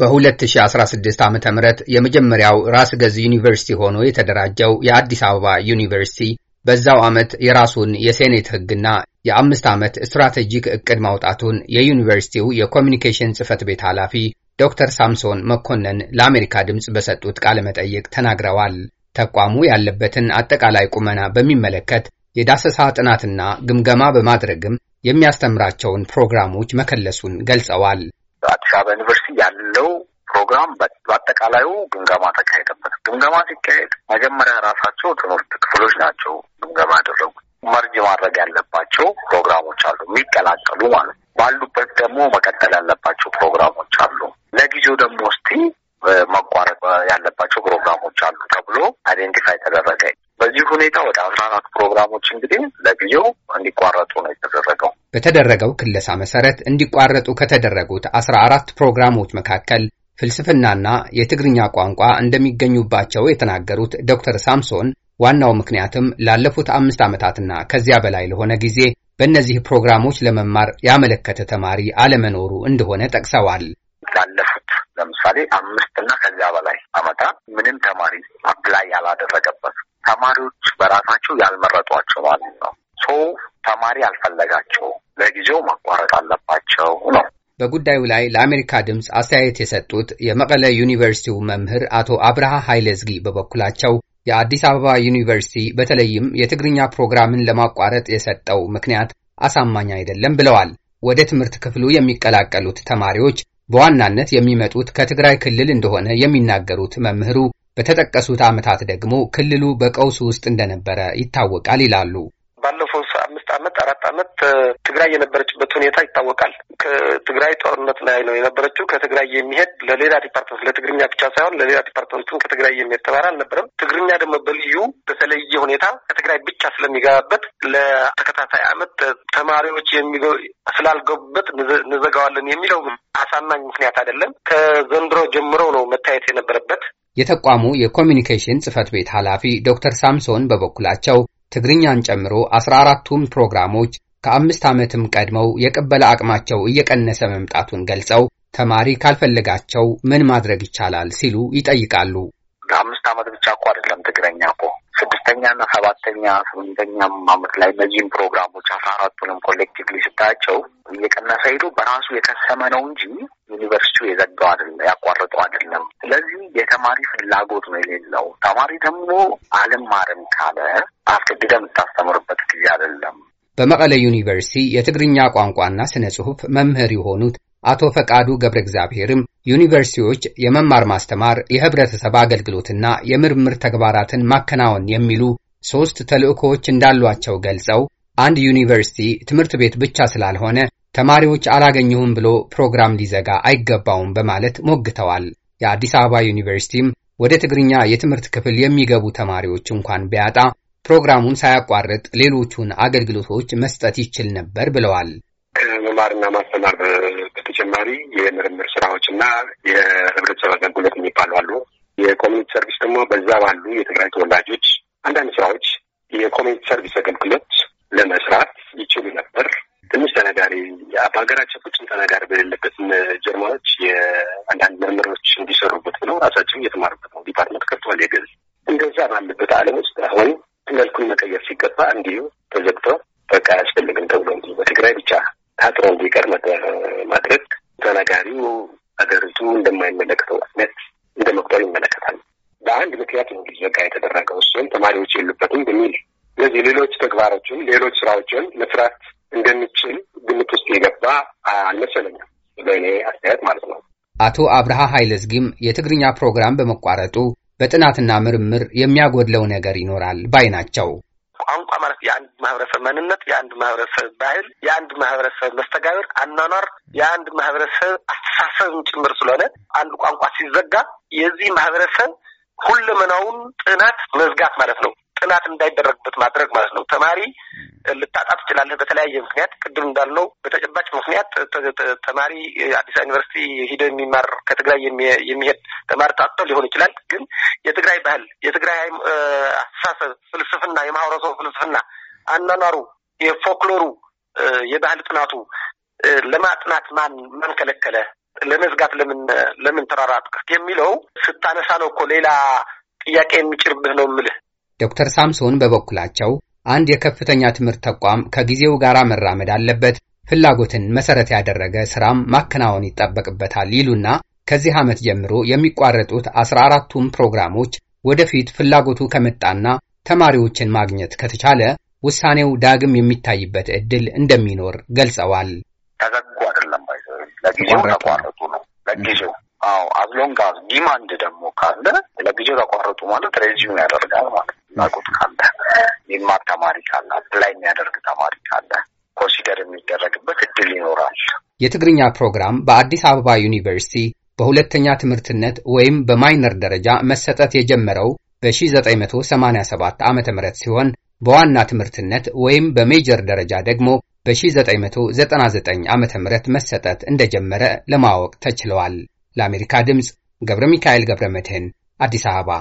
በ2016 ዓ ም የመጀመሪያው ራስ ገዝ ዩኒቨርሲቲ ሆኖ የተደራጀው የአዲስ አበባ ዩኒቨርሲቲ በዛው ዓመት የራሱን የሴኔት ሕግና የአምስት ዓመት ስትራቴጂክ ዕቅድ ማውጣቱን የዩኒቨርሲቲው የኮሚኒኬሽን ጽሕፈት ቤት ኃላፊ ዶክተር ሳምሶን መኮንን ለአሜሪካ ድምፅ በሰጡት ቃለ መጠይቅ ተናግረዋል። ተቋሙ ያለበትን አጠቃላይ ቁመና በሚመለከት የዳሰሳ ጥናትና ግምገማ በማድረግም የሚያስተምራቸውን ፕሮግራሞች መከለሱን ገልጸዋል። አዲስ አበባ ዩኒቨርሲቲ ያለው ፕሮግራም በአጠቃላዩ ግምገማ ተካሄደበት። ግምገማ ሲካሄድ መጀመሪያ ራሳቸው ትምህርት ክፍሎች ናቸው ግምገማ ያደረጉት። መርጅ ማድረግ ያለባቸው ፕሮግራሞች አሉ፣ የሚቀላቀሉ ማለት ነው። ባሉበት ደግሞ መቀጠል ያለባቸው ፕሮግራሞች አሉ። ለጊዜው ደግሞ እስቲ መቋረጥ ያለባቸው ፕሮግራሞች አሉ ተብሎ አይዴንቲፋይ ተደረገ። በዚህ ሁኔታ ወደ አስራ አራት ፕሮግራሞች እንግዲህ ለጊዜው እንዲቋረጡ ነው የተደረገ። በተደረገው ክለሳ መሰረት እንዲቋረጡ ከተደረጉት 14 ፕሮግራሞች መካከል ፍልስፍናና የትግርኛ ቋንቋ እንደሚገኙባቸው የተናገሩት ዶክተር ሳምሶን ዋናው ምክንያትም ላለፉት አምስት ዓመታትና ከዚያ በላይ ለሆነ ጊዜ በእነዚህ ፕሮግራሞች ለመማር ያመለከተ ተማሪ አለመኖሩ እንደሆነ ጠቅሰዋል። ላለፉት ለምሳሌ አምስት እና ከዚያ በላይ ዓመታት ምንም ተማሪ አፕላይ ያላደረገበት ተማሪዎች በራሳቸው ያልመረጧቸው ማለት ነው። ሰው ተማሪ አልፈለጋቸው ለጊዜው መቋረጥ አለባቸው ነው። በጉዳዩ ላይ ለአሜሪካ ድምፅ አስተያየት የሰጡት የመቀለ ዩኒቨርሲቲው መምህር አቶ አብርሃ ኃይለዝጊ በበኩላቸው የአዲስ አበባ ዩኒቨርሲቲ በተለይም የትግርኛ ፕሮግራምን ለማቋረጥ የሰጠው ምክንያት አሳማኝ አይደለም ብለዋል። ወደ ትምህርት ክፍሉ የሚቀላቀሉት ተማሪዎች በዋናነት የሚመጡት ከትግራይ ክልል እንደሆነ የሚናገሩት መምህሩ በተጠቀሱት ዓመታት ደግሞ ክልሉ በቀውስ ውስጥ እንደነበረ ይታወቃል ይላሉ። አመት አራት ዓመት ትግራይ የነበረችበት ሁኔታ ይታወቃል። ከትግራይ ጦርነት ላይ ነው የነበረችው። ከትግራይ የሚሄድ ለሌላ ዲፓርትመንት ለትግርኛ ብቻ ሳይሆን ለሌላ ዲፓርትመንትም ከትግራይ የሚሄድ ተማሪ አልነበረም። ትግርኛ ደግሞ በልዩ በተለየ ሁኔታ ከትግራይ ብቻ ስለሚገባበት ለተከታታይ አመት ተማሪዎች ስላልገቡበት እንዘጋዋለን የሚለው አሳማኝ ምክንያት አይደለም። ከዘንድሮ ጀምሮ ነው መታየት የነበረበት። የተቋሙ የኮሚኒኬሽን ጽህፈት ቤት ኃላፊ ዶክተር ሳምሶን በበኩላቸው ትግርኛን ጨምሮ አስራ አራቱም ፕሮግራሞች ከአምስት ዓመትም ቀድመው የቅበላ አቅማቸው እየቀነሰ መምጣቱን ገልጸው ተማሪ ካልፈለጋቸው ምን ማድረግ ይቻላል ሲሉ ይጠይቃሉ። ከአምስት ዓመት ብቻ እኮ አይደለም ትግረኛ እኮ ስድስተኛና ሰባተኛ ስምንተኛም ዓመት ላይ እነዚህም ፕሮግራሞች አስራ አራቱንም ኮሌክቲቭሊ ስታያቸው እየቀነሰ ሄዶ በራሱ የከሰመ ነው እንጂ ዩኒቨርሲቲው የዘጋው አይደለም ያቋረጠው አይደለም። ስለዚህ የተማሪ ፍላጎት ነው የሌለው። ተማሪ ደግሞ አልማርም ካለ አስገድደ የምታስተምርበት ጊዜ አይደለም። በመቀለ ዩኒቨርሲቲ የትግርኛ ቋንቋና ስነ ጽሑፍ መምህር የሆኑት አቶ ፈቃዱ ገብረ እግዚአብሔርም ዩኒቨርሲቲዎች የመማር ማስተማር፣ የህብረተሰብ አገልግሎትና የምርምር ተግባራትን ማከናወን የሚሉ ሦስት ተልዕኮዎች እንዳሏቸው ገልጸው አንድ ዩኒቨርሲቲ ትምህርት ቤት ብቻ ስላልሆነ ተማሪዎች አላገኘሁም ብሎ ፕሮግራም ሊዘጋ አይገባውም በማለት ሞግተዋል። የአዲስ አበባ ዩኒቨርሲቲም ወደ ትግርኛ የትምህርት ክፍል የሚገቡ ተማሪዎች እንኳን ቢያጣ ፕሮግራሙን ሳያቋርጥ ሌሎቹን አገልግሎቶች መስጠት ይችል ነበር ብለዋል። ከመማርና ማስተማር በተጨማሪ የምርምር ስራዎች እና የህብረተሰብ አገልግሎት የሚባሉ አሉ። የኮሚኒቲ ሰርቪስ ደግሞ በዛ ባሉ የትግራይ ተወላጆች አንዳንድ ስራዎች የኮሚኒቲ ሰርቪስ አገልግሎት ለመስራት ይችሉ ነበር። ትንሽ ተነጋሪ በሀገራችን ቁጭም ተነጋሪ በሌለበት ጀርመኖች የአንዳንድ ምርምሮች እንዲሰሩበት ብለው ራሳቸው እየተማሩበት ነው ዲፓርትመንት ከፍተዋል። የገዝ እንደዛ ባለበት ዓለም ውስጥ አሁን መልኩን መቀየር ሲገባ እንዲሁ ተዘግተው በቃ አያስፈልግም ተብሎ እንዲሁ በትግራይ ብቻ ታጥሮ እንዲቀር ማድረግ ተነጋሪው ሀገሪቱ እንደማይመለከተው ነት እንደ መቁጠር ይመለከታል። በአንድ ምክንያት ነው ሊዘጋ የተደረገው እሱም ተማሪዎች የሉበትም በሚል ስለዚህ ሌሎች ተግባሮችን ሌሎች ስራዎችን መስራት እንደሚችል ግምት ውስጥ የገባ አልመሰለኝም፣ በእኔ አስተያየት ማለት ነው። አቶ አብርሃ ኃይለዝጊም የትግርኛ ፕሮግራም በመቋረጡ በጥናትና ምርምር የሚያጎድለው ነገር ይኖራል ባይ ናቸው። ቋንቋ ማለት የአንድ ማህበረሰብ ማንነት፣ የአንድ ማህበረሰብ ባህል፣ የአንድ ማህበረሰብ መስተጋብር፣ አኗኗር፣ የአንድ ማህበረሰብ አስተሳሰብም ጭምር ስለሆነ አንድ ቋንቋ ሲዘጋ የዚህ ማህበረሰብ ሁለመናውን ጥናት መዝጋት ማለት ነው። ጥናት እንዳይደረግበት ማድረግ ማለት ነው። ተማሪ ልታጣ ትችላለህ በተለያየ ምክንያት። ቅድም እንዳልነው በተጨባጭ ምክንያት ተማሪ አዲስ አበባ ዩኒቨርሲቲ ሂደ የሚማር ከትግራይ የሚሄድ ተማሪ ታጥቶ ሊሆን ይችላል። ግን የትግራይ ባህል፣ የትግራይ አስተሳሰብ፣ ፍልስፍና፣ የማህበረሰቡ ፍልስፍና፣ አኗኗሩ፣ የፎክሎሩ፣ የባህል ጥናቱ ለማጥናት ማን ማን ከለከለ? ለመዝጋት ለምን ለምን ተራራ የሚለው ስታነሳ ነው እኮ ሌላ ጥያቄ የሚጭርብህ ነው የምልህ። ዶክተር ሳምሶን በበኩላቸው አንድ የከፍተኛ ትምህርት ተቋም ከጊዜው ጋር መራመድ አለበት፣ ፍላጎትን መሰረት ያደረገ ስራም ማከናወን ይጠበቅበታል ይሉና ከዚህ ዓመት ጀምሮ የሚቋረጡት አስራ አራቱም ፕሮግራሞች ወደፊት ፍላጎቱ ከመጣና ተማሪዎችን ማግኘት ከተቻለ ውሳኔው ዳግም የሚታይበት ዕድል እንደሚኖር ገልጸዋል። ተዘጉ አይደለም ለጊዜው ተቋረጡ ነው ለጊዜው አዎ አዝሎንጋ ዲማንድ ደግሞ ካለ ለጊዜው ተቋረጡ ማለት ሬዚዩም ያደርጋል ማለት ናቁት ካለ የሚማር ተማሪ ካለ ላይ የሚያደርግ ተማሪ ካለ ኮንሲደር የሚደረግበት እድል ይኖራል። የትግርኛ ፕሮግራም በአዲስ አበባ ዩኒቨርሲቲ በሁለተኛ ትምህርትነት ወይም በማይነር ደረጃ መሰጠት የጀመረው በ1987 ዓ ም ሲሆን በዋና ትምህርትነት ወይም በሜጀር ደረጃ ደግሞ በ1999 ዓ ም መሰጠት እንደጀመረ ለማወቅ ተችለዋል። ለአሜሪካ ድምፅ ገብረ ሚካኤል ገብረ መድህን አዲስ አበባ